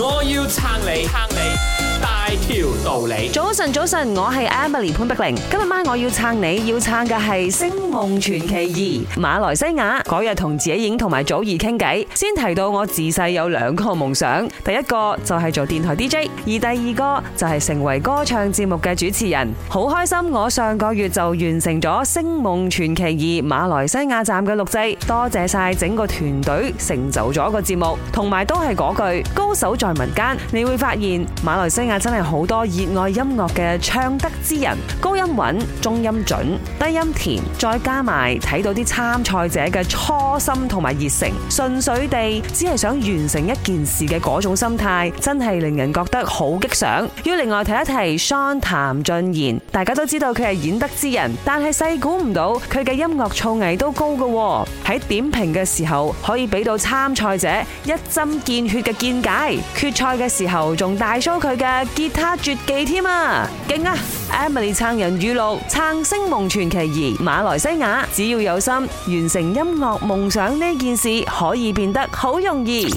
我要撐你，撐你大條道理。早晨，早晨，我係 Emily 潘碧玲。今日晚我要撐你，要撐嘅係《星夢傳奇二》馬來西亞嗰日同自己影，同埋祖兒傾偈，先提到我自細有兩個夢想，第一個就係做電台 DJ，而第二個就係成為歌唱節目嘅主持人。好開心，我上個月就完成咗《星夢傳奇二》馬來西亞站嘅錄製，多謝晒整個團隊成就咗個節目，同埋都係嗰句高手民間，你會發現馬來西亞真係好多熱愛音樂嘅唱得之人，高音穩、中音準、低音甜，再加埋睇到啲參賽者嘅初心同埋熱誠，純粹地只係想完成一件事嘅嗰種心態，真係令人覺得好激賞。要另外提一提，Shawn 譚俊賢，大家都知道佢係演得之人，但係細估唔到佢嘅音樂造詣都高嘅，喺點評嘅時候可以俾到參賽者一針見血嘅見解。決賽嘅時候仲大 show 佢嘅吉他絕技添啊，勁啊 ！Emily 撐人語錄，撐星夢傳奇二，馬來西亞，只要有心完成音樂夢想呢件事，可以變得好容易。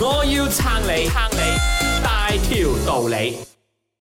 我要撐你，撐你，大條道理。